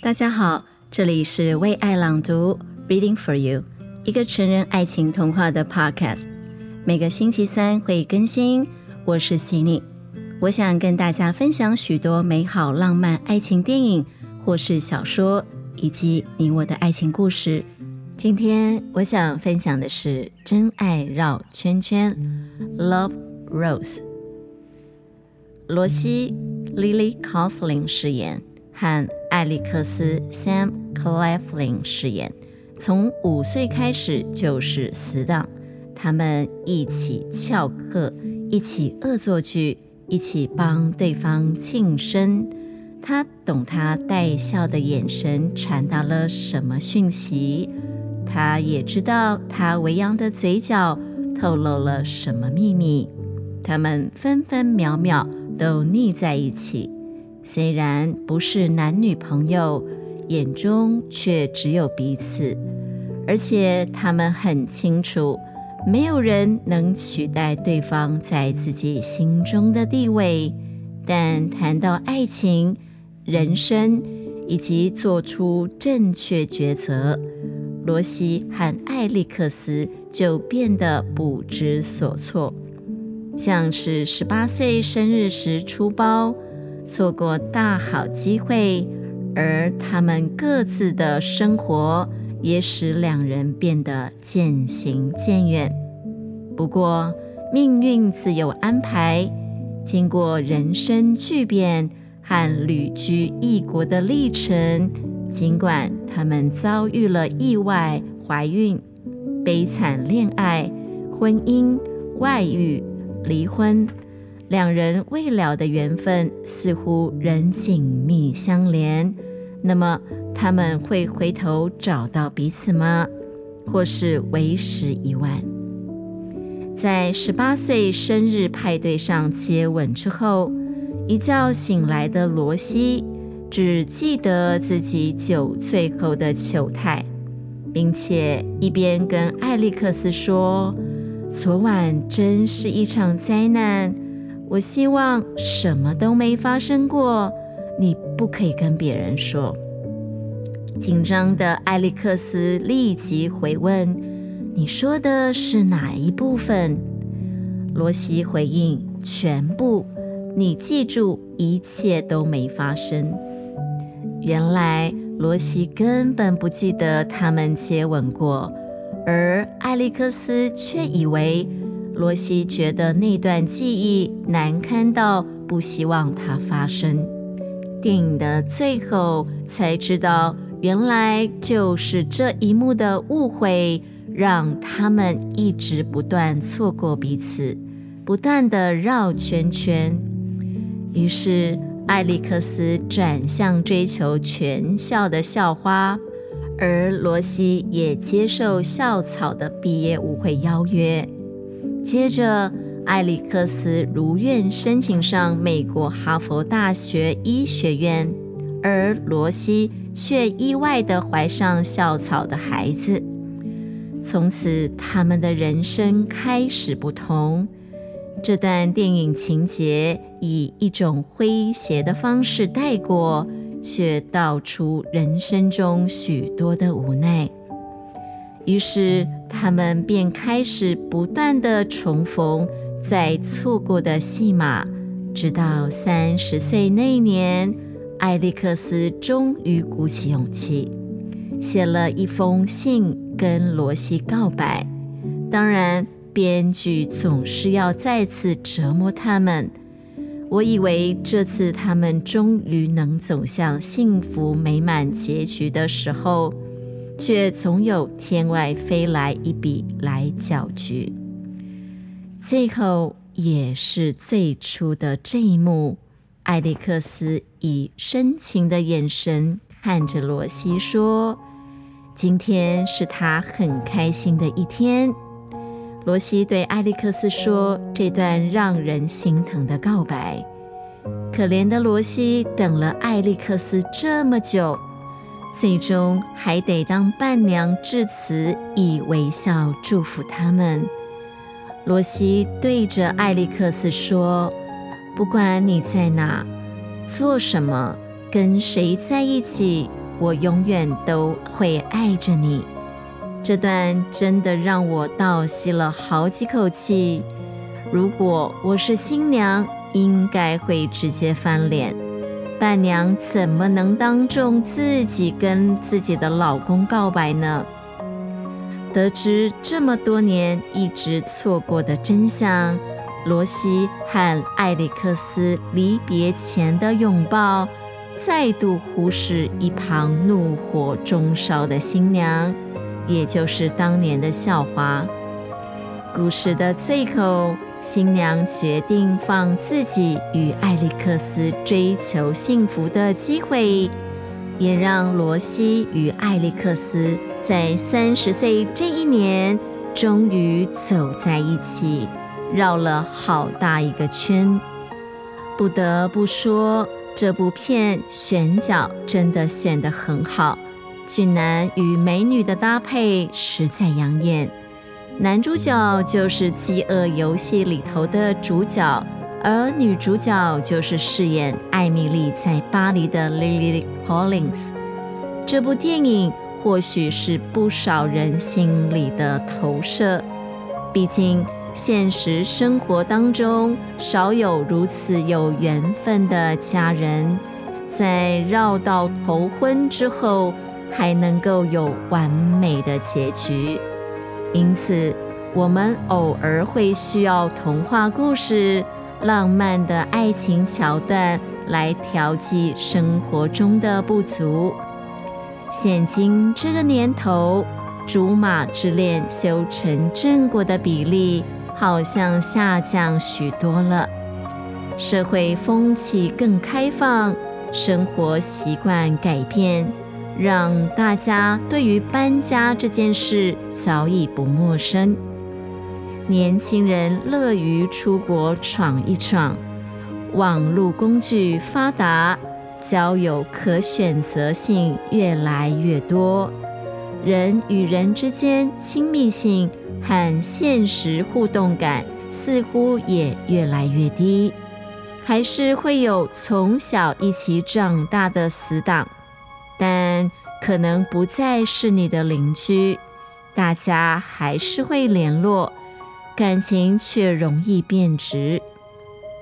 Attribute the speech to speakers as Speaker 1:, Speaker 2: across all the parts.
Speaker 1: 大家好，這裡是為愛朗讀 （Reading for You），一個成人愛情童話的 Podcast，每個星期三會更新。我是 Sinny。我想跟大家分享許多美好浪漫愛情電影，或是小說，以及你我的愛情故事。今天我想分享的是《真愛繞圈圈》（Love Rose），羅西 （Lily c o s l i n g 飾演，和艾利克斯 （Sam Claflin） 飾演，從五歲開始就是死黨，他們一起翹課，一起惡作劇。一起幫對方慶生，他懂他帶笑的眼神傳達了什麼訊息，他也知道他微揚的嘴角透露了什麼秘密。他們分分秒秒都膩在一起，雖然不是男女朋友，眼中卻只有彼此，而且他們很清楚。沒有人能取代對方在自己心中的地位，但談到愛情、人生以及做出正確抉擇，羅西和艾利克斯就變得不知所措，像是十八歲生日時出包，錯過大好機會，而他們各自的生活。也使兩人變得漸行漸遠。不過，命運自有安排。經過人生巨變和旅居異國的歷程，儘管他們遭遇了意外懷孕、悲慘戀愛、婚姻、外遇、離婚，兩人未了的緣分似乎仍緊密相連。那麼他們會回頭找到彼此嗎？或是為時已晚？在十八歲生日派對上接吻之後，一覺醒來的羅西只記得自己酒醉後的糗態，並且一邊跟艾利克斯說：“昨晚真是一場災難，我希望什麼都沒發生過。”你。不可以跟別人說。緊張的艾利克斯立即回問：“你說的是哪一部分？”羅西回應：“全部。你記住，一切都沒發生。”原來羅西根本不記得他們接吻過，而艾利克斯卻以為羅西覺得那段記憶難堪到不希望它發生。電影的最後才知道，原來就是這一幕的誤會，讓他們一直不斷錯過彼此，不斷的繞圈圈。於是，艾利克斯轉向追求全校的校花，而羅西也接受校草的畢業舞會邀約。接着。艾利克斯如願申請上美國哈佛大學醫學院，而羅西卻意外的懷上校草的孩子。從此，他們的人生開始不同。這段電影情節以一種詼諧的方式帶過，卻道出人生中許多的無奈。於是，他們便開始不斷的重逢。在錯過的戲碼，直到三十歲那年，艾利克斯終於鼓起勇氣，寫了一封信跟羅西告白。當然，編劇總是要再次折磨他們。我以為這次他們終於能走向幸福美滿結局的時候，卻總有天外飛來一筆來攪局。最後也是最初的這一幕，艾利克斯以深情的眼神看着羅西說：“今天是他很開心的一天。”羅西對艾利克斯說：“這段讓人心疼的告白，可憐的羅西等了艾利克斯這麼久，最終還得當伴娘致辭，以微笑祝福他們。”羅西對着艾利克斯說：“不管你在哪，做什麼，跟誰在一起，我永遠都會愛着你。”這段真的讓我倒吸了好幾口氣。如果我是新娘，應該會直接翻臉。伴娘怎麼能當眾自己跟自己的老公告白呢？得知這麼多年一直錯過的真相，羅西和艾利克斯離別前的擁抱，再度忽視一旁怒火中燒的新娘，也就是當年的校花。故事的最後，新娘決定放自己與艾利克斯追求幸福的機會，也讓羅西與艾利克斯。在三十歲這一年，終於走在一起，繞了好大一個圈。不得不說，這部片選角真的選得很好，俊男與美女的搭配實在養眼。男主角就是《飢餓遊戲》裡頭的主角，而女主角就是飾演艾蜜莉在巴黎的 Lily Collins。這部電影。或許是不少人心裡的投射，畢竟現實生活當中少有如此有緣分的家人，在繞到頭昏之後還能夠有完美的結局。因此，我們偶爾會需要童話故事、浪漫的愛情橋段來調劑生活中的不足。現今這個年頭，竹馬之戀修成正果的比例好像下降許多了。社會風氣更開放，生活習慣改變，讓大家對於搬家這件事早已不陌生。年輕人樂於出國闖一闖，網絡工具發達，交友可選擇性越來越多，人與人之間親密性和現實互動感似乎也越來越低。還是會有從小一起長大的死黨，但可能不再是你的鄰居。大家還是會聯絡，感情卻容易變質。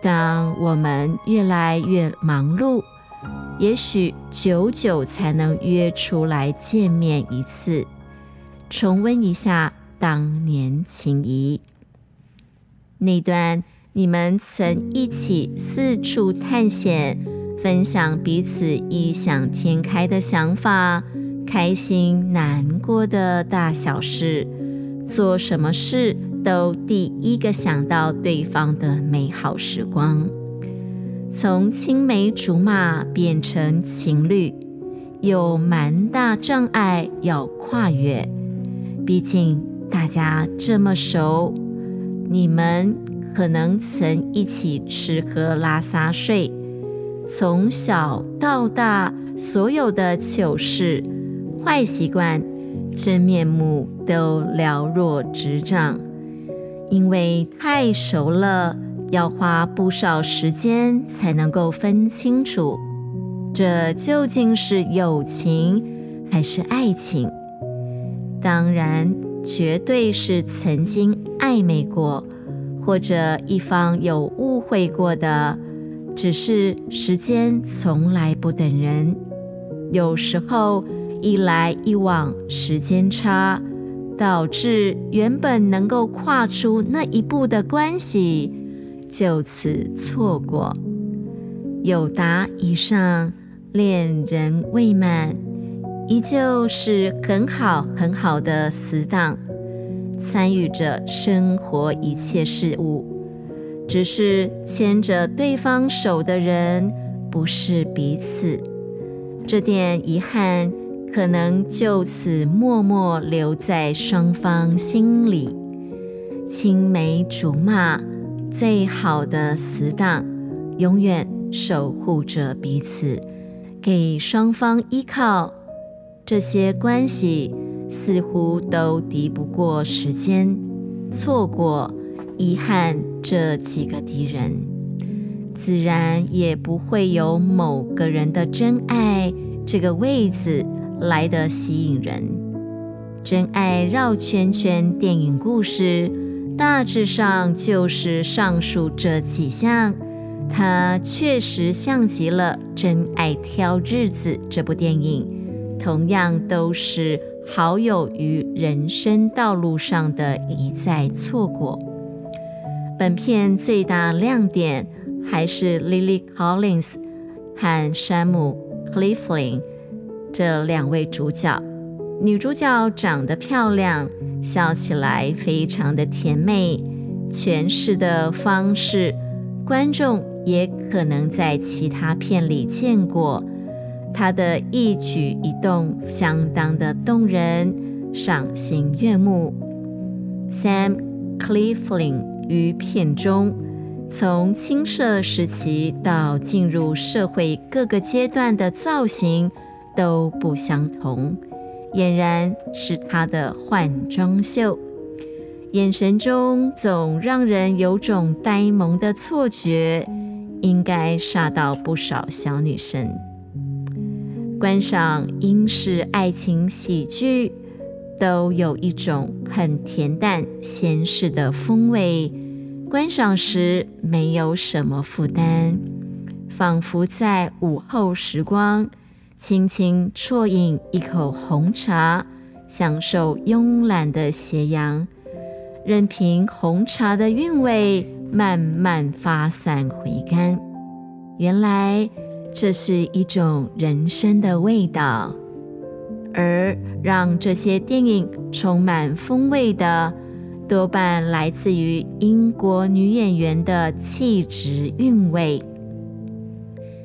Speaker 1: 當我們越來越忙碌，也許久久才能約出來見面一次，重溫一下當年情誼。那段你們曾一起四處探險，分享彼此異想天開的想法，開心、難過的大小事，做什麼事都第一個想到對方的美好時光。從青梅竹馬變成情侶，有蠻大障礙要跨越。畢竟大家這麼熟，你們可能曾一起吃喝拉撒睡，從小到大所有的糗事、壞習慣、真面目都瞭若指掌，因為太熟了。要花不少時間才能夠分清楚，這究竟是友情還是愛情？當然，絕對是曾經曖昧過，或者一方有誤會過的。只是時間從來不等人，有時候一來一往時間差，導致原本能夠跨出那一步的關係。就此錯過，友達以上戀人未滿，依舊是很好很好的死黨，參與着生活一切事物，只是牽着對方手的人不是彼此，這點遺憾可能就此默默留在雙方心裡，青梅竹馬。最好的死黨，永遠守護着彼此，給雙方依靠。這些關係似乎都敵不過時間、錯過、遺憾這幾個敵人，自然也不會有某個人的真愛這個位置來得吸引人。真愛繞圈圈電影故事。大致上就是上述這幾項，它確實像極了《真愛挑日子》這部電影，同樣都是好友於人生道路上的一再錯過。本片最大亮點還是 Lily Collins 和山姆 ·Claflin 這兩位主角。女主角長得漂亮，笑起來非常的甜美。詮釋的方式，觀眾也可能在其他片裡見過。她的一舉一動相當的動人，賞心悅目。Sam Claflin 於片中，從青澀時期到進入社會各個階段的造型都不相同。儼然是他的換裝秀，眼神中總讓人有種呆萌的錯覺，應該煞到不少小女生。觀賞英式愛情喜劇，都有一種很恬淡閒適的風味，觀賞時沒有什麼負擔，仿佛在午後時光。輕輕啜飲一口紅茶，享受慵懶的斜陽，任憑紅茶的韻味慢慢發散回甘。原來這是一種人生的味道，而讓這些電影充滿風味的，多半來自於英國女演員的氣質韻味。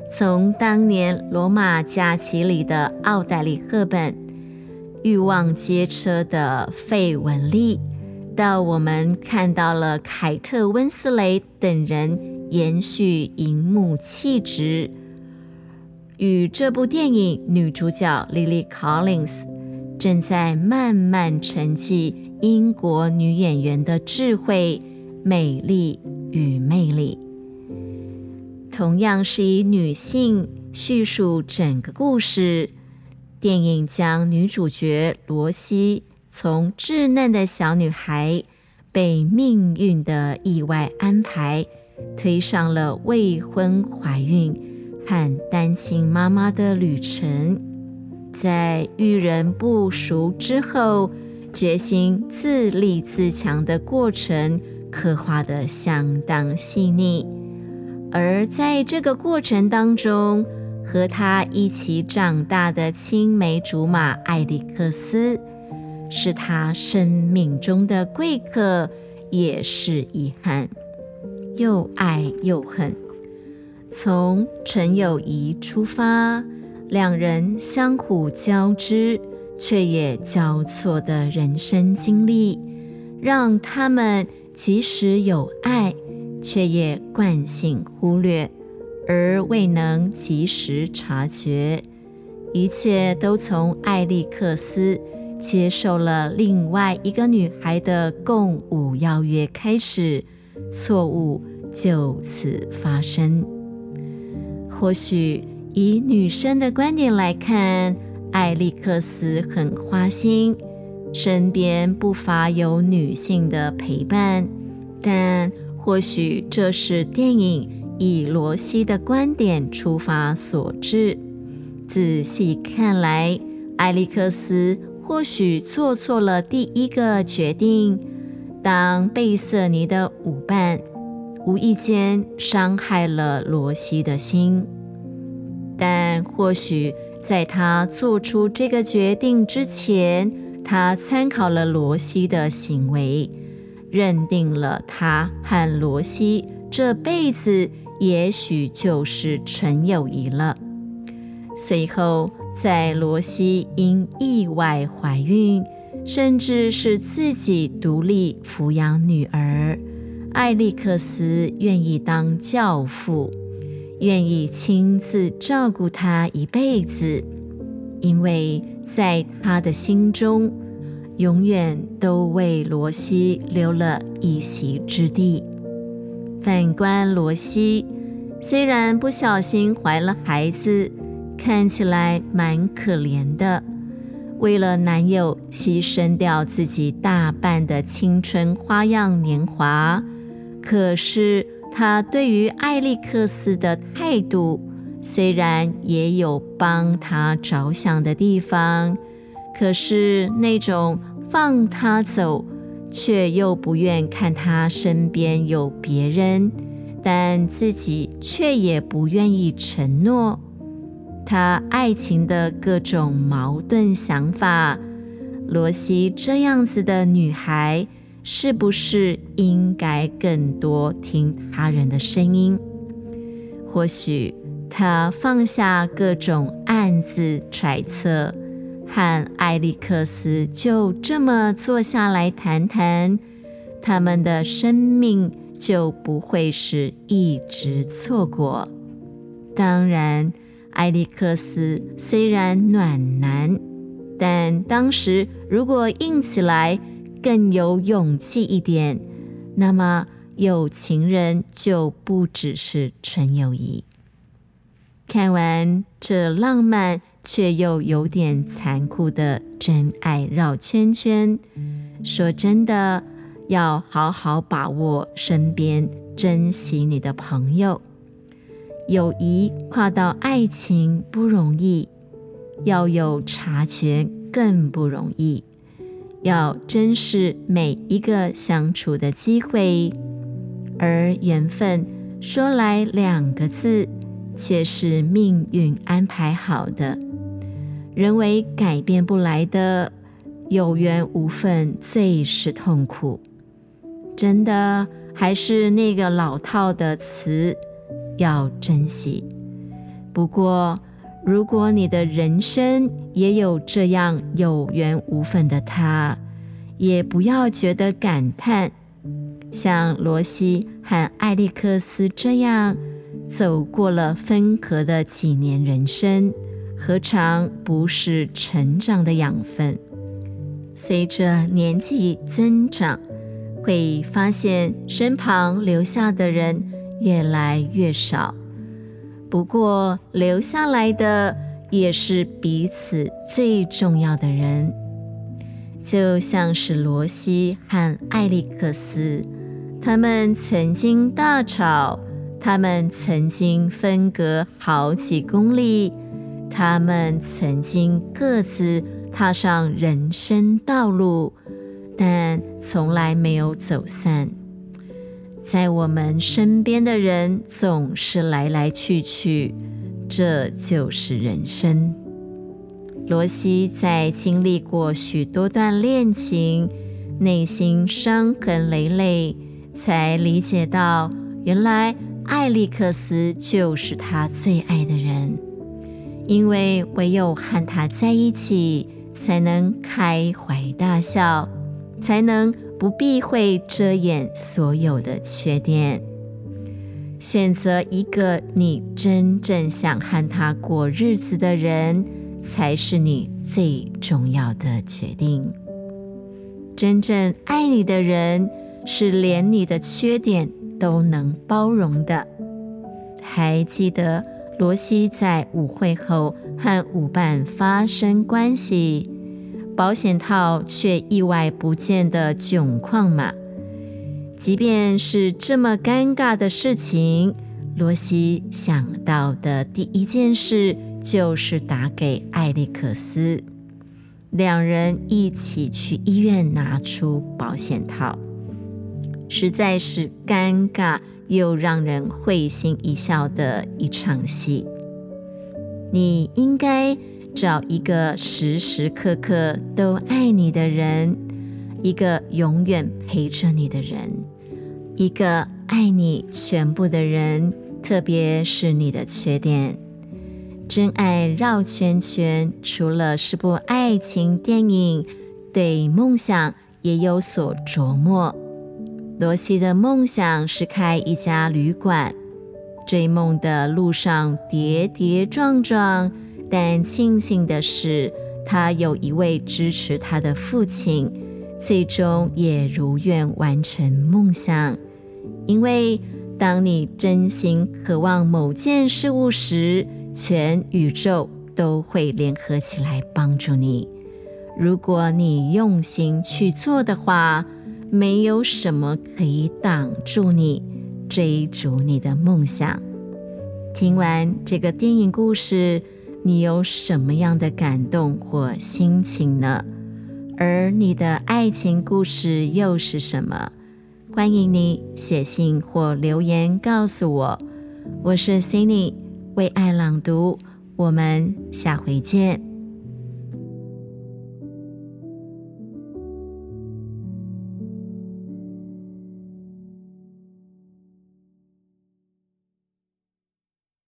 Speaker 1: 從當年《羅馬假期》裡的奧黛麗·赫本，《慾望街車》的費雯麗，到我們看到了凱特·溫斯雷等人延續銀幕氣質，與這部電影女主角莉莉·柯林斯正在慢慢沉寂，英國女演員的智慧、美麗與魅力。同樣是以女性敘述整個故事，電影將女主角羅西從稚嫩的小女孩，被命運的意外安排推上了未婚懷孕和單親媽媽的旅程，在遇人不淑之後，決心自立自強的過程，刻畫得相當細膩。而在這個過程當中，和他一起長大的青梅竹馬艾利克斯，是他生命中的貴客，也是遺憾，又愛又恨。從純友誼出發，兩人相互交織，卻也交錯的人生經歷，讓他們即使有愛。卻也慣性忽略，而未能及時察覺。一切都從艾利克斯接受了另外一個女孩的共舞邀約開始，錯誤就此發生。或許以女生的觀點來看，艾利克斯很花心，身邊不乏有女性的陪伴，但或許這是電影以羅西的觀點出發所致。仔細看來，艾利克斯或許做錯了第一個決定，當貝瑟尼的舞伴無意間傷害了羅西的心，但或許在他做出這個決定之前，他參考了羅西的行為。認定了他和羅西這輩子也許就是純友誼了。隨後，在羅西因意外懷孕，甚至是自己獨立撫養女兒，艾利克斯願意當教父，願意親自照顧她一輩子，因為在他的心中，永遠都為羅西留了一席之地。反觀羅西，雖然不小心懷了孩子，看起來蠻可憐的，為了男友犧牲掉自己大半的青春花樣年華。可是她對於艾利克斯的態度，雖然也有幫他着想的地方。可是那種放他走，卻又不願看他身邊有別人，但自己卻也不願意承諾他愛情的各種矛盾想法。羅西這樣子的女孩，是不是應該更多聽他人的聲音？或許她放下各種暗自揣測，和艾利克斯就這麼坐下來談談，他們的生命就不會是一直錯過。當然，艾利克斯雖然暖男，但當時如果硬起來更有勇氣一點，那麼有情人就不只是純友誼。看完這浪漫。卻又有點殘酷的真愛繞圈圈。說真的，要好好把握身邊，珍惜你的朋友。友誼跨到愛情不容易，要有察覺更不容易。要珍視每一個相處的機會。而緣分說來兩個字，卻是命運安排好的。人為改變不來的，有緣無分最是痛苦。真的還是那個老套的詞，要珍惜。不過，如果你的人生也有這樣有緣無分的他，也不要覺得感嘆。像羅西和艾利克斯這樣，走過了分隔的幾年人生。何嘗不是成長的養分？隨着年紀增長，會發現身旁留下的人越來越少。不過留下來的也是彼此最重要的人，就像是羅西和艾利克斯，他們曾經大吵，他們曾經分隔好幾公里。他們曾經各自踏上人生道路，但從來沒有走散。在我們身邊的人總是來來去去，這就是人生。羅西在經歷過許多段戀情，內心傷痕累累，才理解到，原來艾利克斯就是他最愛的人。因為唯有和他在一起，才能開懷大笑，才能不避諱遮掩所有的缺點。選擇一個你真正想和他過日子的人，才是你最重要的決定。真正愛你的人，是連你的缺點都能包容的。還記得。羅西在舞會後和舞伴發生關係，保險套卻意外不見的窘況嘛？即便是這麼尷尬的事情，羅西想到的第一件事就是打給艾利克斯，兩人一起去醫院拿出保險套，實在是尷尬。又讓人會心一笑的一場戲。你應該找一個時時刻刻都愛你的人，一個永遠陪着你的人，一個愛你全部的人，特別是你的缺點。真愛繞圈圈，除了是部愛情電影，對夢想也有所琢磨。羅西的夢想是開一家旅館。追夢的路上跌跌撞撞，但慶幸的是，他有一位支持他的父親，最終也如願完成夢想。因為當你真心渴望某件事物時，全宇宙都會聯合起來幫助你。如果你用心去做的話。沒有什麼可以擋住你追逐你的夢想。聽完這個電影故事，你有什麼樣的感動或心情呢？而你的愛情故事又是什麼？歡迎你寫信或留言告訴我。我是 Cindy，為愛朗讀。我們下回見。